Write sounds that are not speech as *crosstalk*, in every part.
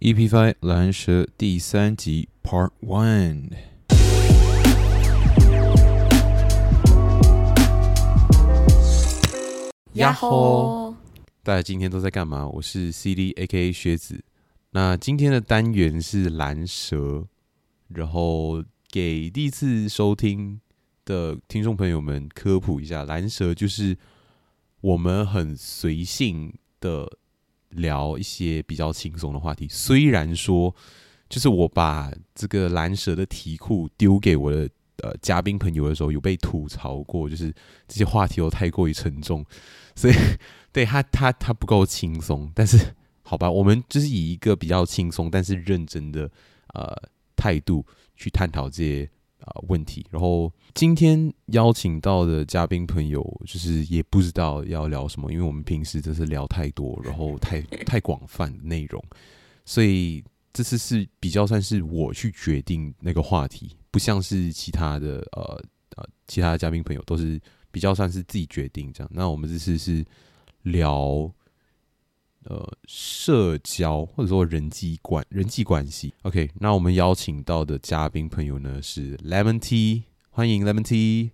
EP Five《藍蛇》第三輯 Part One。呀吼，大家今天都在幹嘛？我是 CD AKA 靴子。那今天的單元是藍蛇，然後給第一次收聽的聽眾朋友們科普一下，藍蛇就是。我們很隨性的聊一些比較輕鬆的話題，雖然說，就是我把這個藍蛇的題庫丟給我的呃嘉賓朋友的時候，有被吐槽過，就是這些話題都太過於沉重，所以對他他他不夠輕鬆。但是好吧，我們就是以一個比較輕鬆但是認真的呃態度去探討這些。啊、呃，問題。然後今天邀請到的嘉賓朋友，就是也不知道要聊什麼，因為我們平時就是聊太多，然後太太廣泛的內容，所以這次是比較算是我去決定那個話題，不像是其他的呃呃其他的嘉賓朋友都是比較算是自己決定這樣。那我們這次是聊。呃，社交或者說人際關人際關係。OK，那我們邀請到的嘉賓朋友呢是 Lemon Tea，歡迎 Lemon Tea。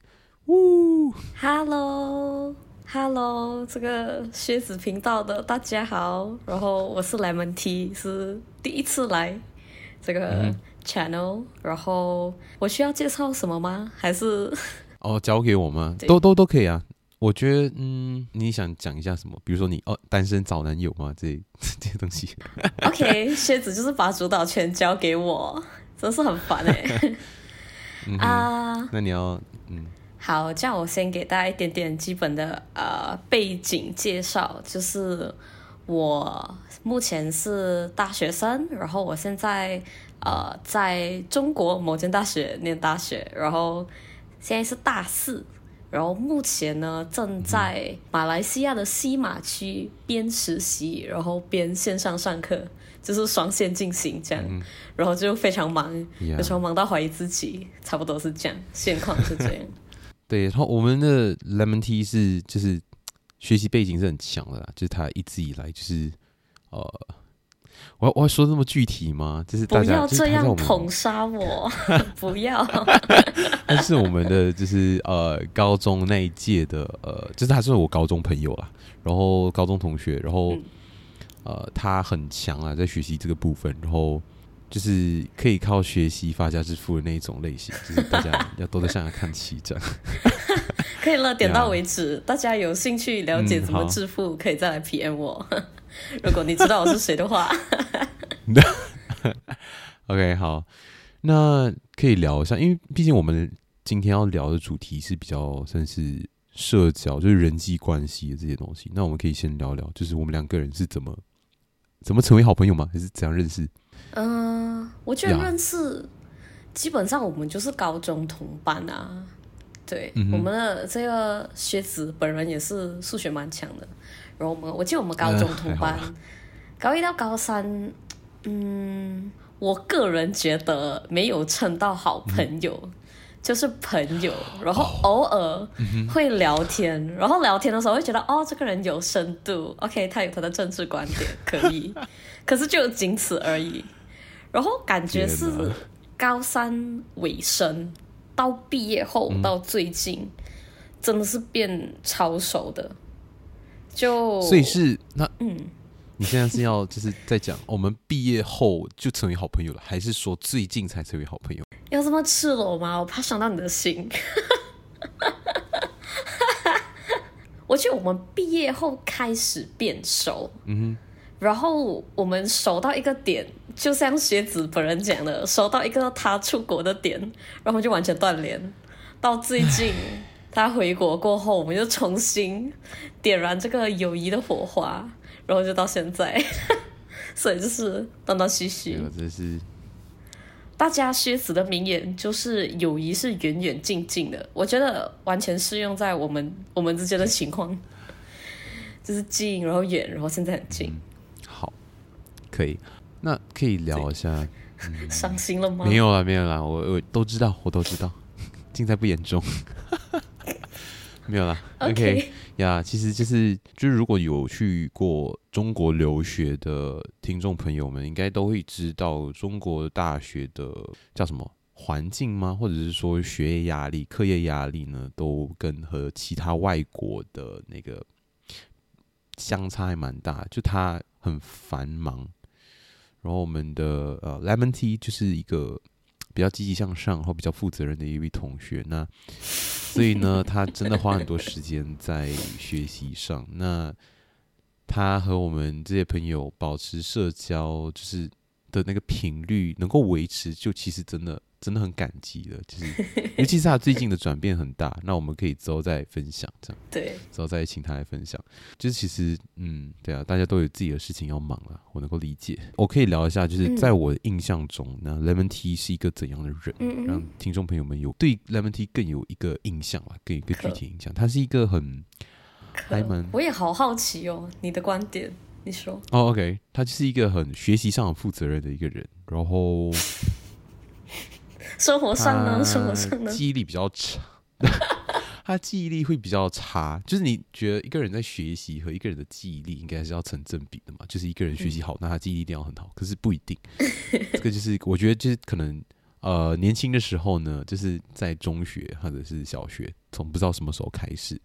嗚，Hello，Hello，這個靴子頻道的大家好，然後我是 Lemon Tea, 是第一次來這個 channel，、嗯、然後我需要介紹什麼嗎？還是哦，交給我嗎？對都都都可以啊。我覺得，嗯，你想講一下什麼？比如說你哦，單身找男友嗎？這些這些東西。OK，靴子就是把主導權交給我，真是很煩哎。啊，那你要嗯。好，這樣我先給大家一點點基本的啊、呃、背景介紹，就是我目前是大學生，然後我現在啊、呃，在中國某間大學念大學，然後現在是大四。然後目前呢，正在馬來西亞的西馬區邊實習，嗯、然後邊線上上課，就是雙線進行這樣，嗯、然後就非常忙，Yeah. 有時候忙到懷疑自己，差不多是這樣，現況是這樣。 *laughs* 對，然後我們的 Lemon Tea 是就是學習背景是很強的啦，就是他一直以來就是呃。我我要說這麼具體嗎？就是大家不要這樣捧殺我，不要。但是我們的就是呃，高中那一屆的呃，就是他是我高中朋友啦，啊，然後高中同學，然後呃，他很強啊，在學習這個部分，然後就是可以靠學習發家致富的那一種類型，就是大家要都在向他看齊這樣。 *laughs* *laughs* *laughs* 可以了，點到為止。大家有興趣了解怎麼致富，嗯、可以再來 P M 我。如果你知道我是誰的話 *laughs* *laughs* *laughs* ，OK，好，那可以聊一下，因為畢竟我們今天要聊的主題是比較算是社交，就是人際關係的這些東西。那我們可以先聊聊，就是我們兩個人是怎麼怎麼成為好朋友嘛，還是怎樣認識？嗯、呃，我覺得認識基本上我們就是高中同班啊。對，嗯、哼我們的這個學子本人也是數學蠻強的。然後我們，我記得我們高中同班，呃、高一到高三，嗯，我個人覺得沒有稱到好朋友，嗯、就是朋友。然後偶爾會聊天，哦嗯、然後聊天的時候會覺得，哦，這個人有深度，OK，他有他的政治觀點，可以， *laughs* 可是就僅此而已。然後感覺是高三尾聲到畢業後、嗯、到最近，真的是變超熟的。就所以是那，嗯，你現在是要就是在講我們畢業後就成為好朋友了， *laughs* 還是說最近才成為好朋友？要這麼赤裸嗎？我怕傷到你的心。 *laughs* 我覺得我們畢業後開始變熟，嗯哼，然後我們熟到一個點，就像靴子本人講的，熟到一個他出國的點，然後就完全斷聯，到最近。 *laughs* 他回國過後，我們就重新點燃這個友誼的火花，然後就到現在。呵呵，所以就是斷斷續續。大家，靴子的名言，就是友誼是遠遠近近的。我覺得完全適用在我們我們之間的情況，就是近，然後遠，然後現在很近。嗯、好，可以，那可以聊一下。對嗯、傷心了嗎？沒有啊，沒有啦，我我都知道，我都知道， *laughs* 盡在不言中。沒有啦，OK 呀，okay, yeah，其實就是就是如果有去過中國留學的聽眾朋友們，應該都會知道中國大學的叫什麼環境嗎？或者是說學業壓力、課業壓力呢，都跟和其他外國的那個相差還蠻大，就它很繁忙。然後我們的呃、uh,，Lemon Tea 就是一個，比較積極向上，然後比較負責任的一位同學，那所以呢，他真的花很多時間在學習上。那他和我們這些朋友保持社交，就是。的那個頻率能夠維持，就其實真的真的很感激了。就是，尤其是他最近的轉變很大， *laughs* 那我們可以之後再分享，這樣對。之後再請他來分享，就是其實，嗯，對啊，大家都有自己的事情要忙啊，我能夠理解。我可以聊一下，就是在我的印象中，嗯、那 Lemon Tea 是一個怎樣的人，讓、嗯嗯、聽眾朋友們有對 Lemon Tea 更有一個印象嘛，更有一個具體印象。他可是一個很開門，可蠻我也好好奇哦，你的觀點。你說哦、Oh，OK，他就是一個很學習上很負責任的一個人，然後生活上呢，生活上呢，他記憶力比較差， *laughs* *laughs* 他記憶力會比較差。就是你覺得一個人在學習和一個人的記憶力應該是要成正比的嘛？就是一個人學習好，嗯、那他記憶力一定要很好，可是不一定。 *laughs* 這個就是我覺得就是可能呃，年輕的時候呢，就是在中學或者是小學，從不知道什麼時候開始，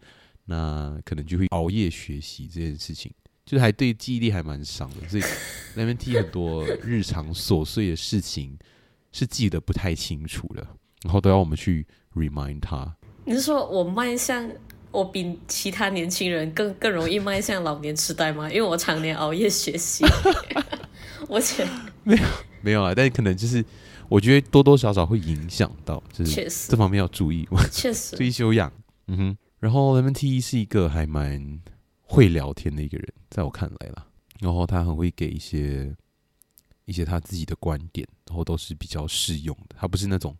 那可能就會熬夜學習這件事情。就是還對記憶力還蠻傷的，所以 Lemon Tea 很多日常瑣碎的事情是記得不太清楚的，然後都要我們去 remind 他。你是說我邁向我比其他年輕人更更容易邁向老年痴呆嗎？因為我常年熬夜學習， *laughs* 我且覺沒有沒有啊，但可能就是我覺得多多少少會影響到，就是確實這方面要注意，確實注意修養。嗯哼，然後 Lemon Tea 是一個還蠻。會聊天的一個人，在我看來啦，然後他很會給一些一些他自己的觀點，然後都是比較適用的。他不是那種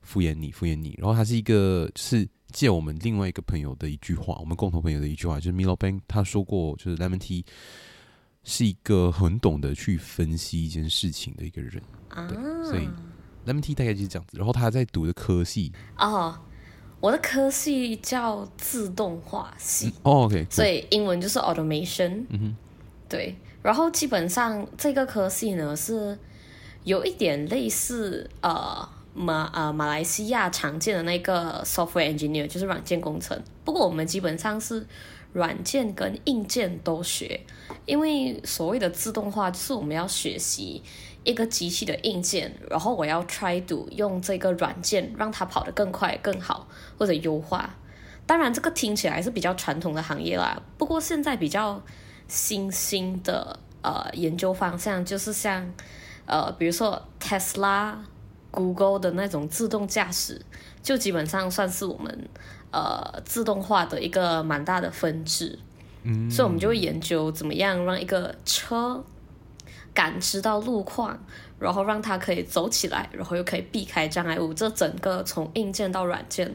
敷衍你、敷衍你。然後他是一個，就是借我們另外一個朋友的一句話，我們共同朋友的一句話，就是 Milo Bank 他說過，就是 Lemon Tea 是一個很懂得去分析一件事情的一個人。Uh huh. 對，所以 Lemon Tea 大概就是這樣子。然後他在讀的科系哦。Uh huh. 我的科系叫自動化系。Oh, okay, cool. 所以英文就是 automation。Mm-hmm. 對，然後基本上這個科系呢是有一點類似呃馬馬來西亞常見的那個 software engineer，就是軟件工程。不過我們基本上是軟件跟硬件都學，因為所謂的自動化就是我們要學習。一個機器的硬件，然後我要 try to 用這個軟件讓它跑得更快，更好或者優化。當然，這個聽起來是比較傳統的行業啦。不過現在比較新興的呃研究方向就是像呃，比如說 Tesla、Google 的那種自動駕駛，就基本上算是我們呃自動化的一個蠻大的分支。嗯，所以我們就會研究怎麼樣讓一個車，感知到路況，然後讓它可以走起來，然後又可以避開障礙物。這整個從硬件到軟件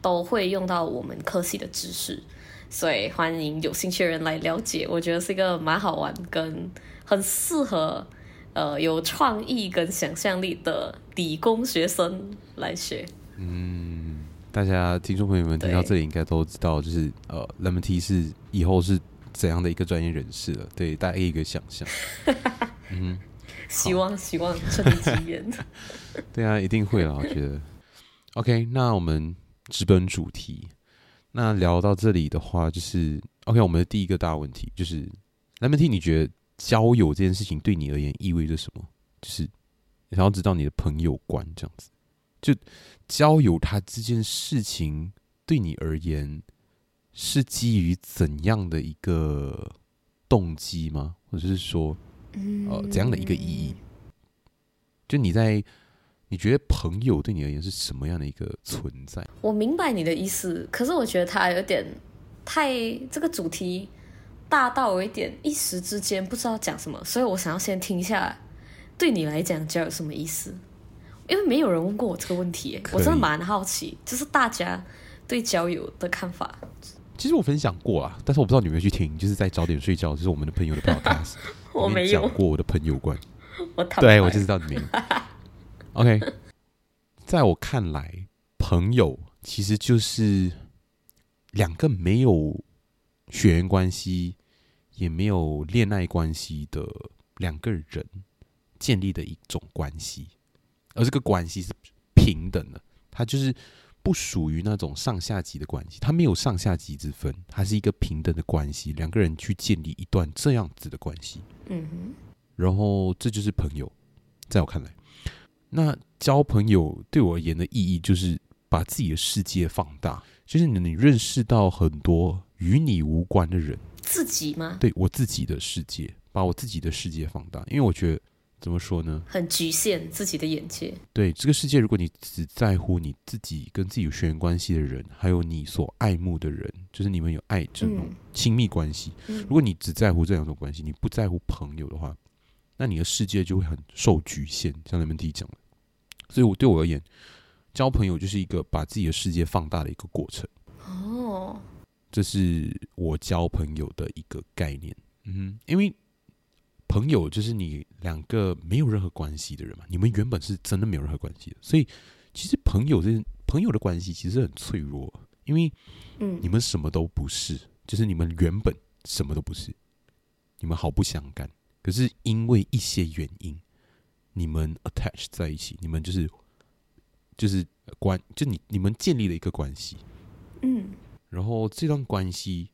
都會用到我們科系的知識，所以歡迎有興趣的人來了解。我覺得是一個蠻好玩，跟很適合呃有創意跟想象力的理工學生來學。嗯，大家聽眾朋友們聽到這裡應該都知道，對就是呃 Lemon Tea 是以後是。怎樣的一個專業人士了？對大家一個想象。 *laughs* 嗯，希望希望對啊，一定會啦，我覺得。 *laughs* OK，那我們直奔主題。那聊到這裡的話，就是 OK，我們的第一個大問題就是，Lemon Tea，你覺得交友這件事情對你而言意味着什麼？就是想要知道你的朋友觀這樣子，就交友它這件事情對你而言。是基於怎樣的一個動機嗎？或者是說，呃，怎樣的一個意義？就你在，你覺得朋友對你而言是什麼樣的一個存在？我明白你的意思，可是我覺得他有點太這個主題大到有一點一時之間不知道講什麼，所以我想要先聽一下，對你來講交友什麼意思？因為沒有人問過我這個問題，可以。我真的蠻好奇，就是大家對交友的看法。其實我分享過啊，但是我不知道你有沒有去聽，就是在早點睡覺， *laughs* 就是我們的朋友的 podcast， *laughs* 我沒講有過我的朋友觀， *laughs* 我躺了 對，我就知道你沒有。 *laughs* OK，在我看來，朋友其實就是兩個沒有血緣關係、也沒有戀愛關係的兩個人建立的一種關係，而這個關係是平等的，它就是。不屬於那種上下級的關係，他沒有上下級之分，他是一個平等的關係。兩個人去建立一段這樣子的關係，嗯哼，然後這就是朋友，在我看來，那交朋友對我而言的意義就是把自己的世界放大，就是你你認識到很多與你無關的人，自己嗎？對，我自己的世界，把我自己的世界放大，因為我覺得。怎麼說呢？很局限自己的眼界，對這個世界，如果你只在乎你自己跟自己有血緣關係的人，還有你所愛慕的人，就是你們有愛這種親密關係。嗯，如果你只在乎這兩種關係，你不在乎朋友的話，那你的世界就會很受局限。像你們自己講的，所以我對我而言，交朋友就是一個把自己的世界放大的一個過程。哦，這是我交朋友的一個概念。嗯，因為。朋友就是你兩個沒有任何關係的人嘛？你們原本是真的沒有任何關係的，所以其實朋友這朋友的關係其實很脆弱，因為嗯，你們什麼都不是，嗯、就是你們原本什麼都不是，你們毫不相干。可是因為一些原因，你們 attach 在一起，你們就是就是關，就你你們建立了一個關係，嗯，然後這段關係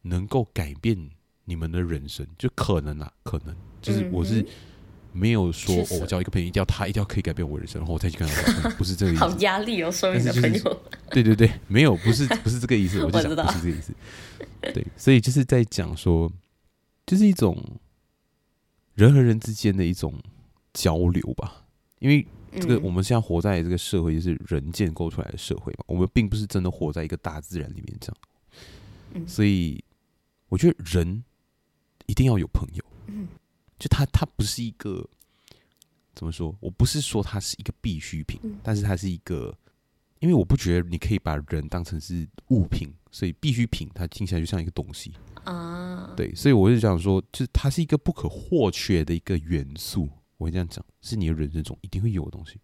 能夠改變。你們的人生就可能啊，可能就是我是沒有說，嗯哼哦，我交一個朋友一定要他一定要可以改變我的人生，然後我再去跟他聊天，不是這個意思。 *laughs* 好壓力哦，說以就是對對對，沒有，不是不是這個意思， *laughs* 我，就我知道不是這個意思。對，所以就是在講說，就是一種人和人之間的一種交流吧，因為這個我們現在活在這個社會，就是人建構出來的社會嘛，我們並不是真的活在一個大自然裡面這樣。嗯、哼所以我覺得人。一定要有朋友，嗯，就他他不是一個怎麼說，我不是說他是一個必需品，嗯，但是他是一個，因為我不覺得你可以把人當成是物品，所以必需品它聽起來就像一個東西啊，對，所以我就想說，就是它是一個不可或缺的一個元素，我會這樣講，是你的人生中一定會有的東西，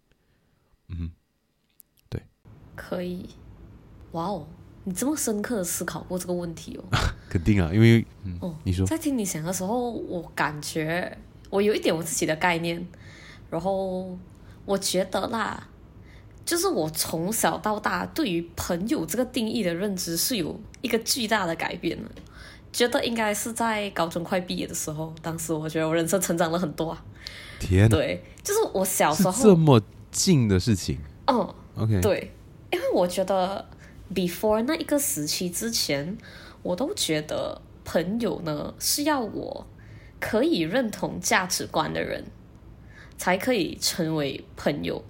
嗯，對，可以，哇哦。你這麼深刻思考過這個問題哦？啊、肯定啊，因為、嗯哦、你說在聽你講的時候，我感覺我有一點我自己的概念。然後我覺得啦，就是我從小到大對於朋友這個定義的認知是有一個巨大的改變，覺得應該是在高中快畢業的時候，當時我覺得我人生成長了很多啊。天，對，就是我小時候這麼近的事情。嗯，OK，對，因為我覺得。before 那一個時期之前，我都覺得朋友呢，是要我可以認同價值觀的人，才可以成為朋友，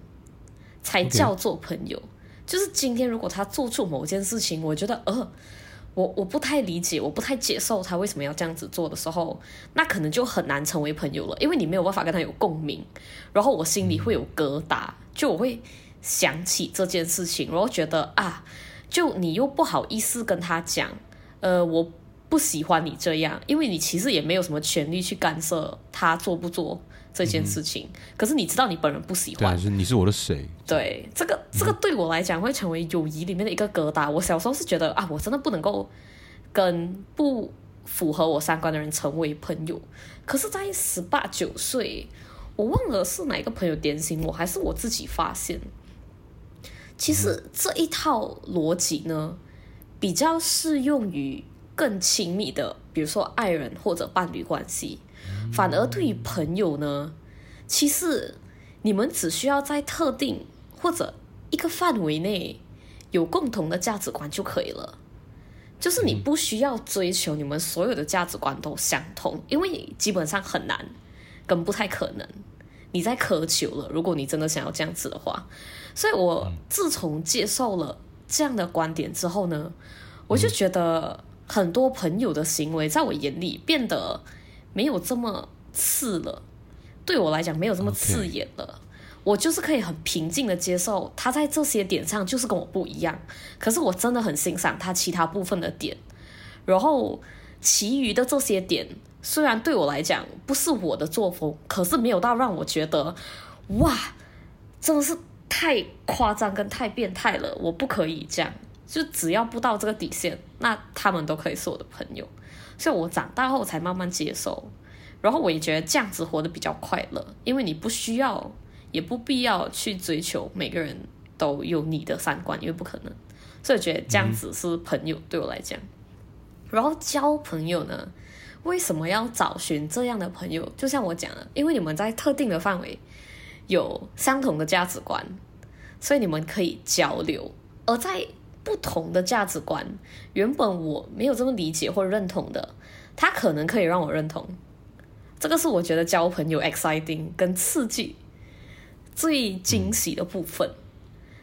才叫做朋友。Okay. 就是今天，如果他做出某件事情，我覺得呃，我我不太理解，我不太接受他為什麼要這樣子做的時候，那可能就很難成為朋友了，因為你沒有辦法跟他有共鳴，然後我心裡會有疙瘩，mm. 就我會想起這件事情，然後覺得啊。就你又不好意思跟他講，呃，我不喜歡你這樣，因為你其實也沒有什麼權利去干涉他做不做這件事情。嗯、可是你知道你本人不喜歡，對，是你是我的誰？對，這個這個對我來講會成為友誼裡面的一個疙瘩。嗯、我小時候是覺得啊，我真的不能夠跟不符合我三觀的人成為朋友。可是，在十八九歲，我忘了是哪個朋友點醒我，還是我自己發現。其實這一套邏輯呢，比較適用於更親密的，比如說愛人或者伴侶關係。反而對於朋友呢，其實你們只需要在特定或者一個範圍內有共同的價值觀就可以了。就是你不需要追求你們所有的價值觀都相同，因為基本上很難，更不太可能。你在苛求了。如果你真的想要這樣子的話，所以我自從接受了這樣的觀點之後呢，嗯、我就覺得很多朋友的行為，在我眼裡變得沒有這麼刺了。對我來講，沒有這麼刺眼了。Okay. 我就是可以很平靜的接受，他在這些點上就是跟我不一樣。可是我真的很欣賞他其他部分的點，然後其餘的這些點。雖然對我來講不是我的作風，可是沒有到讓我覺得，哇，真的是太誇張跟太變態了，我不可以這樣。就只要不到這個底線，那他們都可以是我的朋友。所以我長大後才慢慢接受，然後我也覺得這樣子活得比較快樂，因為你不需要，也不必要去追求每個人都有你的三觀，因為不可能。所以我覺得這樣子是朋友、嗯、對我來講。然後交朋友呢？為什麼要找尋這樣的朋友？就像我講的，因為你們在特定的範圍有相同的價值觀，所以你們可以交流。而在不同的價值觀，原本我沒有這麼理解或認同的，他可能可以讓我認同。這個是我覺得交朋友 exciting 跟刺激、最驚喜的部分。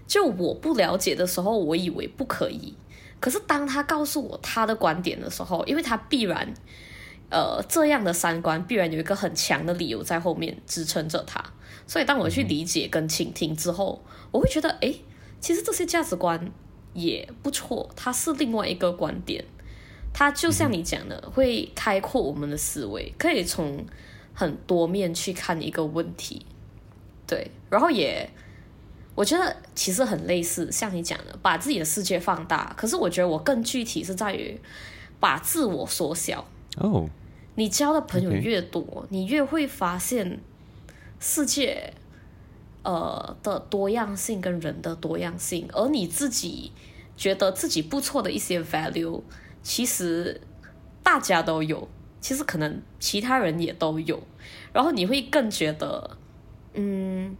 就我不了解的時候，我以為不可以。可是當他告訴我他的觀點的時候，因為他必然。呃，這樣的三觀必然有一個很強的理由在後面支撐着它，所以當我去理解跟傾聽之後，我會覺得，欸，其實這些價值觀也不錯，它是另外一個觀點，它就像你講的，會開闊我們的思維，可以從很多面去看一個問題。對，然後也，我覺得其實很類似，像你講的，把自己的世界放大，可是我覺得我更具體是在於把自我縮小。哦，oh, okay. 你交的朋友越多，你越會發現世界，呃、的多樣性跟人的多樣性。而你自己覺得自己不錯的一些 value，其實大家都有，其實可能其他人也都有。然後你會更覺得，嗯，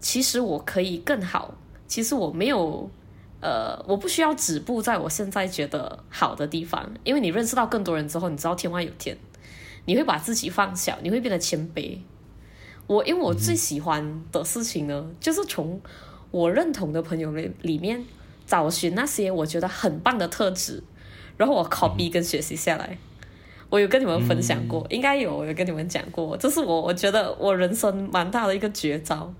其實我可以更好，其實我沒有。呃，我不需要止步在我現在覺得好的地方，因為你認識到更多人之後，你知道天外有天，你會把自己放小，你會變得謙卑。我因為我最喜歡的事情呢，就是從我認同的朋友裡裡面找尋那些我覺得很棒的特質，然後我 copy 跟學習下來。嗯、我有跟你們分享過，嗯、應該有，我有跟你們講過，這、就是我我覺得我人生蠻大的一個絕招。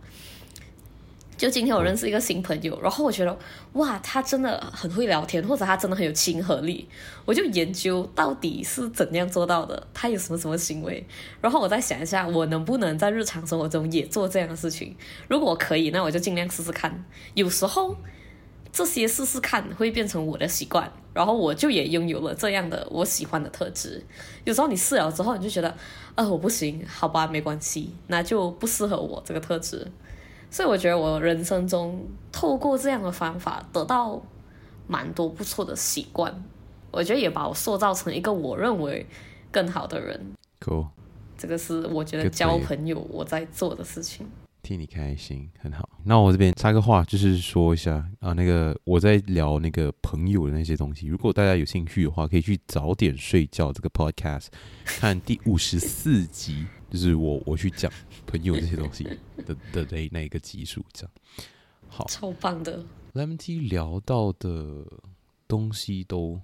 就今天我認識一個新朋友，然後我覺得哇，他真的很會聊天，或者他真的很有親和力，我就研究到底是怎樣做到的，他有什麼什麼行為，然後我再想一下，我能不能在日常生活中也做這樣的事情？如果我可以，那我就盡量試試看。有時候這些試試看會變成我的習慣，然後我就也擁有了這樣的我喜歡的特質。有時候你試了之後，你就覺得啊，我不行，好吧，沒關係，那就不適合我這個特質。所以我覺得我人生中透過這樣的方法得到蠻多不錯的習慣，我覺得也把我塑造成一個我認為更好的人。可，Cool. 這個是我覺得交朋友我在做的事情。替你開心，很好。那我這邊插個話，就是說一下啊，那個我在聊那個朋友的那些東西，如果大家有興趣的話，可以去早點睡覺，這個 Podcast 看第五十四集。 *laughs* 就是我我去講朋友這些東西的的那 *laughs* 那個技術。這樣好，超棒的。Lemon Tea 今天聊到的東西都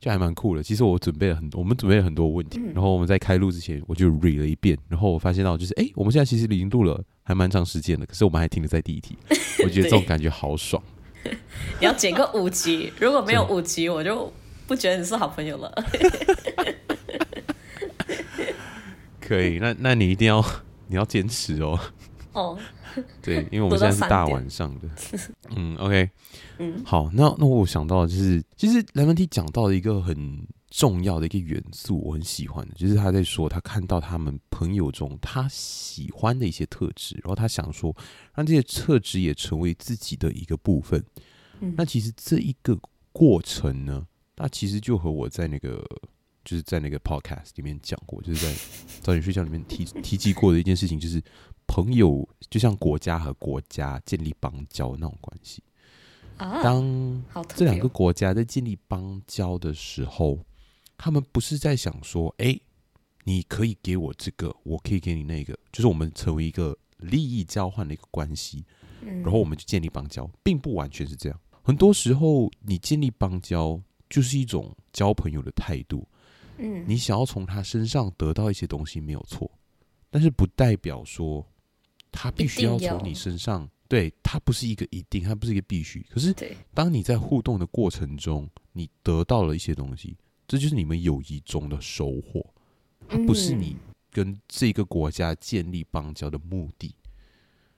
就還蠻酷的。其實我準備了很多，我們準備了很多問題，嗯、然後我們在開錄之前我就 read 了一遍，然後我發現到就是，哎，我們現在其實已經錄了還蠻長時間了，可是我們還停留在第一題，我覺得這種感覺好爽。你要剪個五集，如果沒有五集，我就不覺得你是好朋友了。 *laughs* 可以，那那你一定要你要堅持哦。哦，oh. *laughs* 對，因為我們現在是大晚上的。嗯，OK， *laughs* 嗯，okay 嗯好，那那我想到就是，其實 Lemon Tea 講到的一個很重要的一個元素，我很喜歡的，就是他在說他看到他們朋友中他喜歡的一些特質，然後他想說讓這些特質也成為自己的一個部分。嗯，那其實這一個過程呢，它其實就和我在那個。就是在那個 podcast 裡面講過，就是在《早點睡覺》裡面提提及過的一件事情，就是朋友就像國家和國家建立邦交那種關係啊。當這兩個國家在建立邦交的時候，他們不是在想說：“哎、欸，你可以給我這個，我可以給你那個。”就是我們成為一個利益交換的一個關係，然後我們就建立邦交，並不完全是這樣。很多時候，你建立邦交就是一種交朋友的態度。嗯，你想要從他身上得到一些東西沒有錯，但是不代表說他必須要從你身上，對，他不是一個一定，他不是一個必須。可是，當你在互動的過程中，對你得到了一些東西，這就是你們友誼中的收穫，他不是你跟這個國家建立邦交的目的。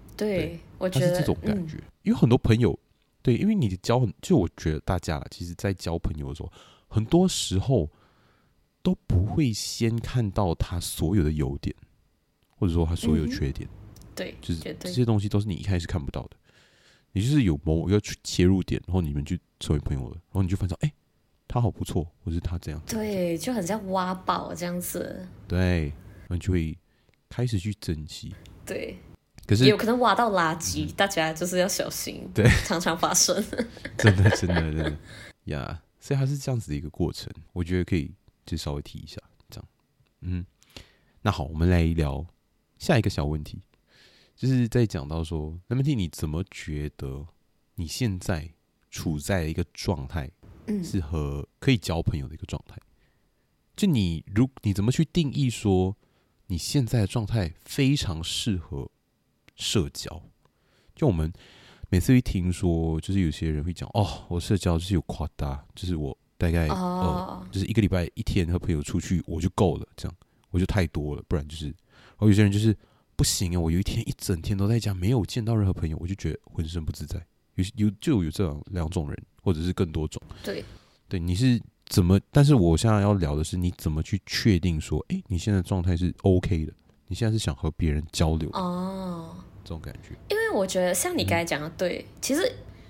嗯、對，我覺得是這種感覺，有、嗯、很多朋友，對，因為你的交很，就我覺得大家其實，在交朋友的時候，很多時候。都不會先看到他所有的優點，或者說他所有缺點，嗯、對，就是這些東西都是你一開始看不到的。你對就是有某一個切入點，然後你們就成為朋友了，然後你就發現哎，他好不錯，或是他這樣，對，就很像挖寶這樣子，對，你們就會開始去珍惜，對，可是有可能挖到垃圾，嗯、大家就是要小心，對，常常發生， *laughs* 真的真的真的呀， *laughs* yeah, 所以它是這樣子的一個過程，我覺得可以。就稍微提一下，這樣，嗯，那好，我們來聊下一個小問題，就是在講到說，那麼聽你怎麼覺得你現在處在一個狀態，適合可以交朋友的一個狀態？就你如你怎麼去定義說，你現在的狀態非常適合社交？就我們每次一聽說，就是有些人會講，哦，我社交就是有誇大，就是我。大概哦、oh. 嗯，就是一個禮拜一天和朋友出去我就夠了，這樣我就太多了。不然就是，然後有些人就是不行啊，我有一天一整天都在家，沒有見到任何朋友，我就覺得渾身不自在。有有就有這樣兩種人，或者是更多種。對對，你是怎麼？但是我現在要聊的是，你怎麼去確定說，哎、欸，你現在狀態是 OK 的？你現在是想和別人交流的哦，oh. 這種感覺。因為我覺得像你剛才講的，對，嗯、其實。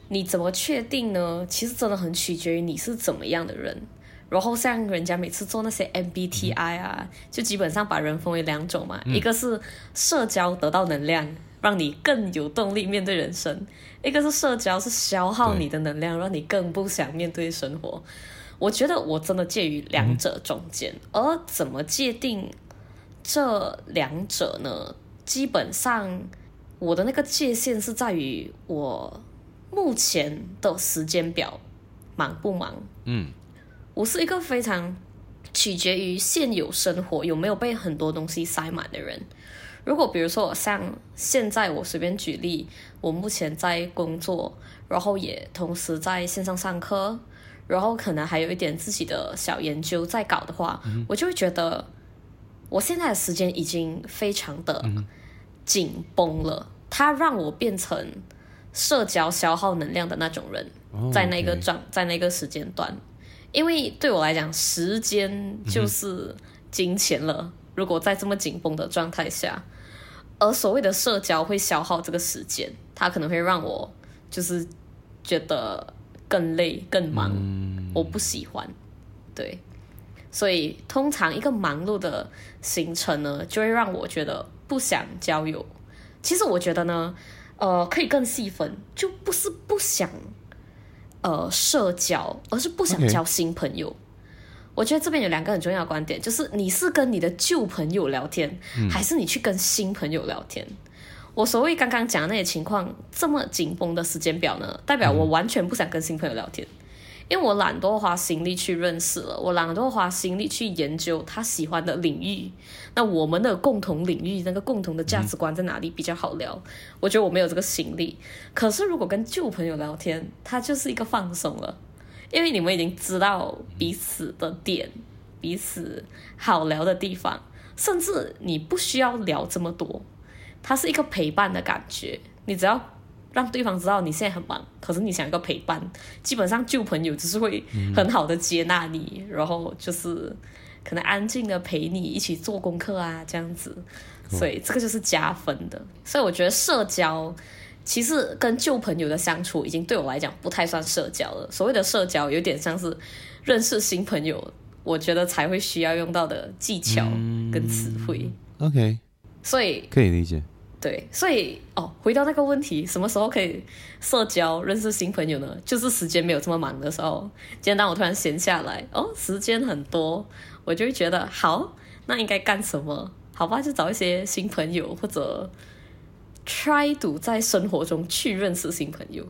你怎麼確定呢？其實真的很取決於你是怎麼樣的人。然後像人家每次做那些 MBTI 啊，嗯、就基本上把人分為兩種嘛，嗯、一個是社交得到能量，讓你更有動力面對人生；一個是社交是消耗你的能量，對讓你更不想面對生活。我覺得我真的介於兩者中間。嗯、而怎麼界定這兩者呢？基本上我的那個界限是在於我。目前的時間表忙不忙？嗯，我是一個非常取決於現有生活有沒有被很多東西塞滿的人。如果比如說像現在我隨便舉例，我目前在工作，然後也同時在線上上課，然後可能還有一點自己的小研究在搞的話，嗯、哼我就會覺得我現在的時間已經非常的緊繃了，嗯、哼它讓我變成。社交消耗能量的那種人，在那個狀，在那個時間段，因為對我來講，時間就是金錢了。嗯、如果在這麼緊繃的狀態下，而所謂的社交會消耗這個時間，它可能會讓我就是覺得更累、更忙，嗯、我不喜歡。對，所以通常一個忙碌的行程呢，就會讓我覺得不想交友。其實我覺得呢。呃，可以更細分，就不是不想呃社交，而是不想交新朋友。Okay. 我覺得這邊有兩個很重要的觀點，就是你是跟你的舊朋友聊天，嗯、還是你去跟新朋友聊天？我所謂剛剛講的那些情況，這麼緊繃的時間表呢，代表我完全不想跟新朋友聊天。嗯因為我懶惰花心力去認識了，我懶惰花心力去研究他喜歡的領域。那我們的共同領域，那個共同的價值觀在哪裡比較好聊？嗯、我覺得我沒有這個心力。可是如果跟舊朋友聊天，他就是一個放鬆了，因為你們已經知道彼此的點，彼此好聊的地方，甚至你不需要聊這麼多，他是一個陪伴的感覺，你只要。讓對方知道你現在很忙，可是你想一個陪伴。基本上舊朋友就是會很好的接納你，嗯、然後就是可能安靜的陪你一起做功課啊，這樣子。所以這個就是加分的。哦、所以我覺得社交其實跟舊朋友的相處，已經對我來講不太算社交了。所謂的社交，有點像是認識新朋友，我覺得才會需要用到的技巧跟詞彙。OK，、嗯、所以可以理解。對，所以哦，回到那個問題，什麼時候可以社交認識新朋友呢？就是時間沒有這麼忙的時候。今天當我突然閒下來，哦，時間很多，我就會覺得好，那應該幹什麼？好吧，就找一些新朋友，或者 try to 在生活中去認識新朋友。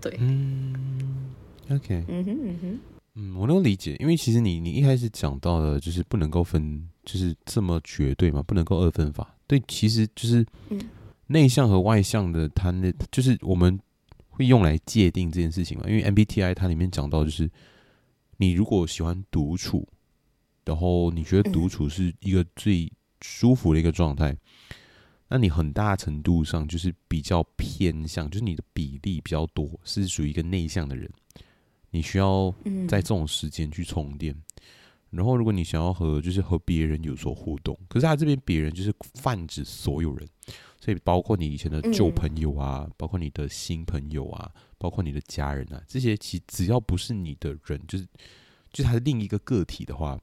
對，嗯，OK，嗯哼嗯哼，嗯哼嗯，我能理解，因為其實你你一開始講到的，就是不能夠分，就是這麼絕對嘛，不能夠二分法。對，其實就是內向和外向的，他那就是我們會用來界定這件事情嘛。因為 MBTI 它裡面講到，就是你如果喜歡獨處，然後你覺得獨處是一個最舒服的一個狀態，嗯、那你很大程度上就是比較偏向，就是你的比例比較多，是屬於一個內向的人。你需要在這種時間去充電。然後，如果你想要和就是和別人有所互動，可是他這邊別人就是泛指所有人，所以包括你以前的舊朋友啊，嗯、包括你的新朋友啊，包括你的家人啊，這些其實只要不是你的人，就是就他的另一個個體的話，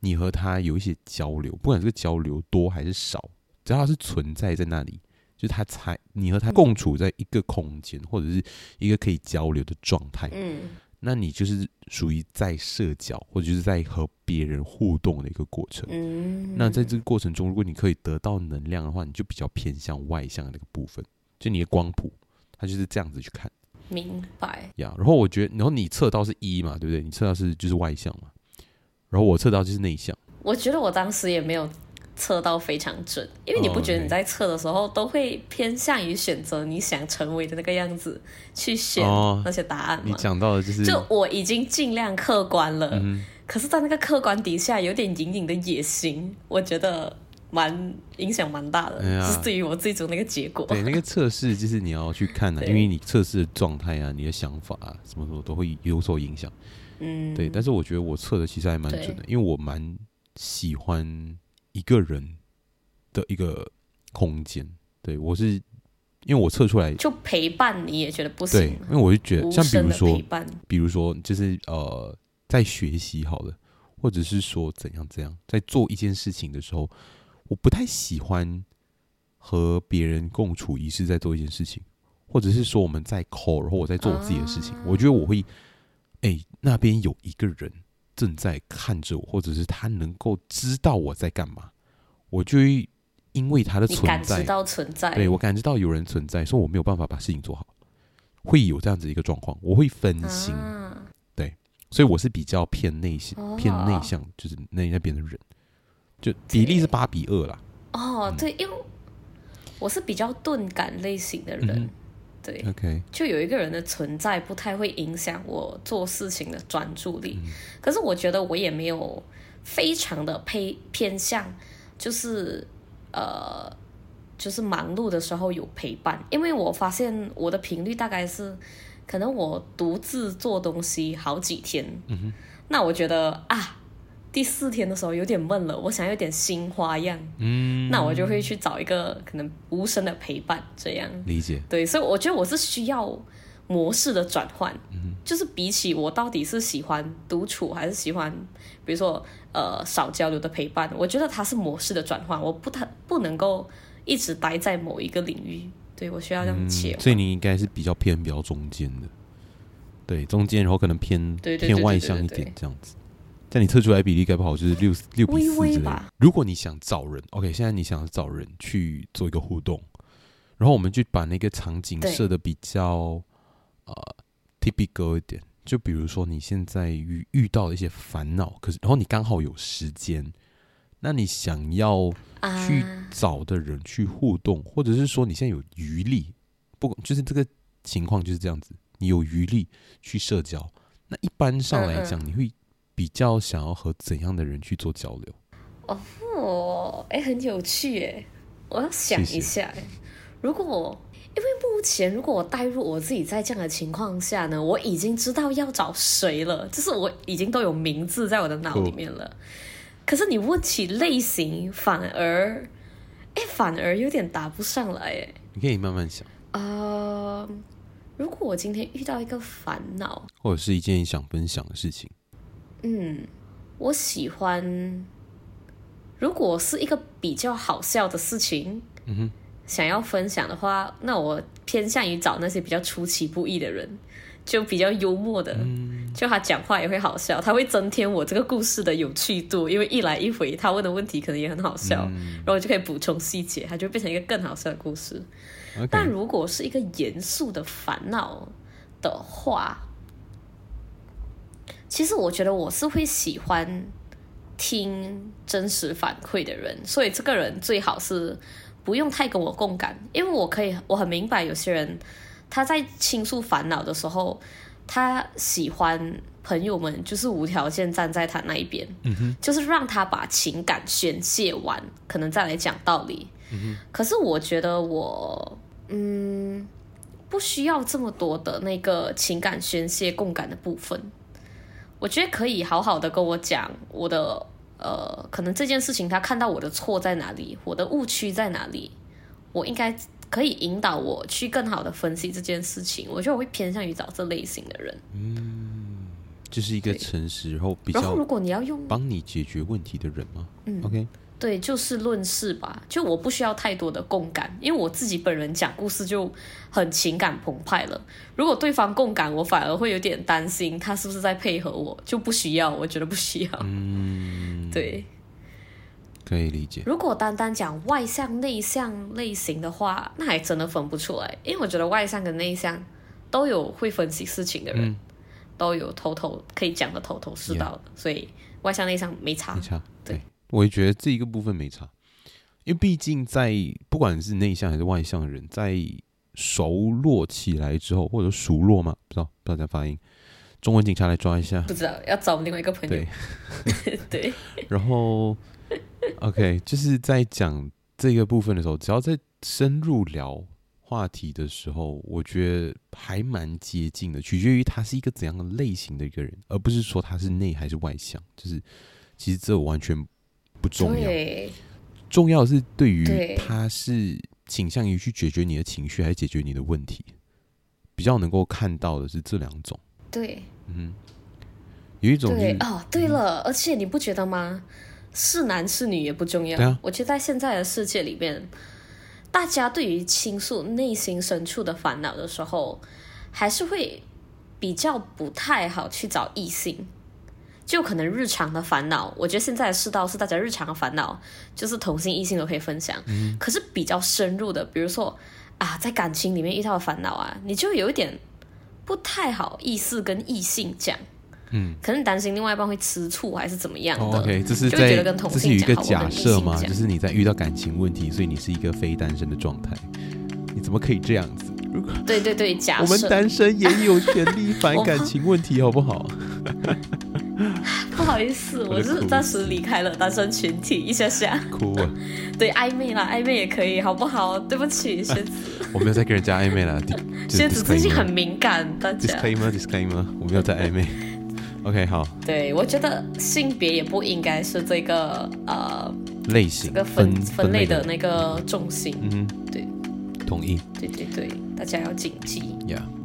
你和他有一些交流，不管這個交流多還是少，只要他是存在在那裡，就是他才你和他共處在一個空間，或者是一個可以交流的狀態。嗯。那你就是屬於在社交，或者就是在和別人互動的一個過程。嗯，那在這個過程中，如果你可以得到能量的話，你就比較偏向外向的那個部分，就你的光譜，它就是這樣子去看。明白。呀，yeah, 然後我覺得，然後你測到是一、E、嘛，對不對？你測到是就是外向嘛，然後我測到就是內向。我覺得我當時也沒有。測到非常準，因為你不覺得你在測的時候都會偏向於選擇你想成為的那個樣子去選那些答案嗎？你講到的就是，就我已經儘量客觀了，嗯、可是，在那個客觀底下有點隱隱的野心，我覺得蠻影響蠻大的，對啊、就是對於我最終那個結果。對那個測試，就是你要去看的、啊，對因為你測試的狀態啊、你的想法啊，什麼什麼都會有所影響。嗯，對，但是我覺得我測的其實還蠻準的，對因為我蠻喜歡。一個人的一個空間，對，我是，因為我測出來就陪伴你也覺得不行，對，因為我就覺得像比如說，比如說就是呃，在學習好了，或者是說怎樣怎樣，在做一件事情的時候，我不太喜歡和別人共處一室在做一件事情，或者是說我們在 call，然後我在做我自己的事情，啊、我覺得我會，哎、欸，那邊有一個人，正在看着我，或者是他能夠知道我在幹嘛，我就會因為他的存在，知道存在，對我感知到有人存在，所以我沒有辦法把事情做好，會有這樣子一個狀況，我會分心，啊、對，所以我是比較偏內心、哦、偏內向，就是那那邊的人，就比例是八比二啦。對嗯、哦，對，因為我是比較鈍感類型的人。嗯對，Okay. 就有一個人的存在不太會影響我做事情的專注力。Mm hmm. 可是我覺得我也沒有非常的偏偏向，就是呃，就是忙碌的時候有陪伴，因為我發現我的頻率大概是，可能我獨自做東西好幾天，mm hmm. 那我覺得啊。第四天的時候有點悶了，我想要點新花樣，嗯，那我就會去找一個可能無聲的陪伴，這樣理解對，所以我覺得我是需要模式的轉換，嗯，就是比起我到底是喜歡獨處還是喜歡，比如說呃少交流的陪伴，我覺得它是模式的轉換，我不太不能夠一直待在某一個領域，對，我需要這樣切、嗯、所以你應該是比較偏比較中間的，對中間，然後可能偏偏外向一點這樣子。但你測出來比例搞不好就是六六比四之類的，微微，如果你想找人，OK，現在你想找人去做一個互動，然後我們就把那個場景設得比較對呃 typical 一點，就比如說你現在遇遇到一些煩惱，可是然後你剛好有時間，那你想要去找的人去互動，uh、或者是說你現在有餘力，不管就是這個情況就是這樣子，你有餘力去社交，那一般上來講你會，比較想要和怎樣的人去做交流？哦，哦，哎，很有趣耶！我要想一下，謝謝。如果因為目前，如果我代入我自己在這樣的情況下呢，我已經知道要找誰了，就是我已經都有名字在我的腦裡面了。Oh. 可是你問起類型，反而哎、欸，反而有點答不上來哎。你可以慢慢想啊。Uh, 如果我今天遇到一個煩惱，或者是一件想分享的事情。嗯，我喜歡。如果是一個比較好笑的事情，嗯哼想要分享的話，那我偏向於找那些比較出其不意的人，就比較幽默的，嗯、就他講話也會好笑，他會增添我這個故事的有趣度，因為一來一回他問的問題可能也很好笑，嗯、然後我就可以補充細節，他就變成一個更好笑的故事。Okay. 但如果是一個嚴肅的煩惱的話。其實我覺得我是會喜歡聽真實反饋的人，所以這個人最好是不用太跟我共感，因為我可以，我很明白有些人他在傾訴煩惱的時候，他喜歡朋友們就是無條件站在他那一邊，嗯哼，就是讓他把情感宣泄完，可能再來講道理。嗯哼。可是我覺得我嗯不需要這麼多的那個情感宣泄共感的部分。我覺得可以好好的跟我講我的，呃，可能這件事情他看到我的錯在哪裡，我的誤區在哪裡，我應該可以引導我去更好的分析這件事情。我覺得我會偏向於找這類型的人，嗯，就是一個誠實，然後比較，然後如果你要用幫你解決問題的人嗎？嗯，OK。對，就事，是，論事吧。就我不需要太多的共感，因為我自己本人講故事就很情感澎湃了。如果對方共感，我反而會有點擔心他是不是在配合我，就不需要，我覺得不需要。嗯，對，可以理解。如果單單講外向內向類型的話，那還真的分不出來，因為我覺得外向跟內向都有會分析事情的人，嗯、都有頭頭可以講的頭頭是道的，有所以外向內向沒差，沒差，對。對我也覺得這一個部分沒差，因為畢竟在不管是內向還是外向的人，在熟絡起來之後，或者熟絡嘛，不知道不知道怎麼發音，中文警察來抓一下，不知道要找另外一個朋友，對， *laughs* 然後，OK，就是在講這個部分的時候，只要在深入聊話題的時候，我覺得還蠻接近的，取決於他是一個怎樣的類型的一個人，而不是說他是內還是外向，就是其實這我完全。不重要，對重要是對於他是傾向於去解決你的情緒，還是解決你的問題，比較能夠看到的是這兩種。對，嗯，有一種、就是、對哦，對了，嗯、而且你不覺得嗎？是男是女也不重要。啊、我覺得在現在的世界裡面，大家對於傾訴內心深處的煩惱的時候，還是會比較不太好去找異性。就可能日常的煩惱，我覺得現在的世道是大家日常的煩惱，就是同性異性都可以分享。嗯，可是比較深入的，比如說啊，在感情裡面遇到的煩惱啊，你就有一點不太好意思跟異性講。嗯，可能擔心另外一半會吃醋還是怎麼樣的。哦，OK，這是對，這是有一個假設嗎？就是你在遇到感情問題，所以你是一個非單身的狀態，你怎麼可以這樣子？對對對，假設我們單身也有權利反感情問題，好不好？ *laughs* *laughs* 不好意思，我是暫時離開了單身群體，一下下。哭啊！ *laughs* 對，曖昧啦，曖昧也可以，好不好？對不起，仙子。 *laughs* 我沒有在給人家曖昧啦。仙子最近很敏感，大家。Disclaimer，Disclaimer，Disc 我沒有在曖昧。 *laughs* OK，好。對，我覺得性別也不應該是這個呃類型，這個分分類的，的分類的那個重心。嗯哼，對。同意。對對對，大家要謹記。Yeah.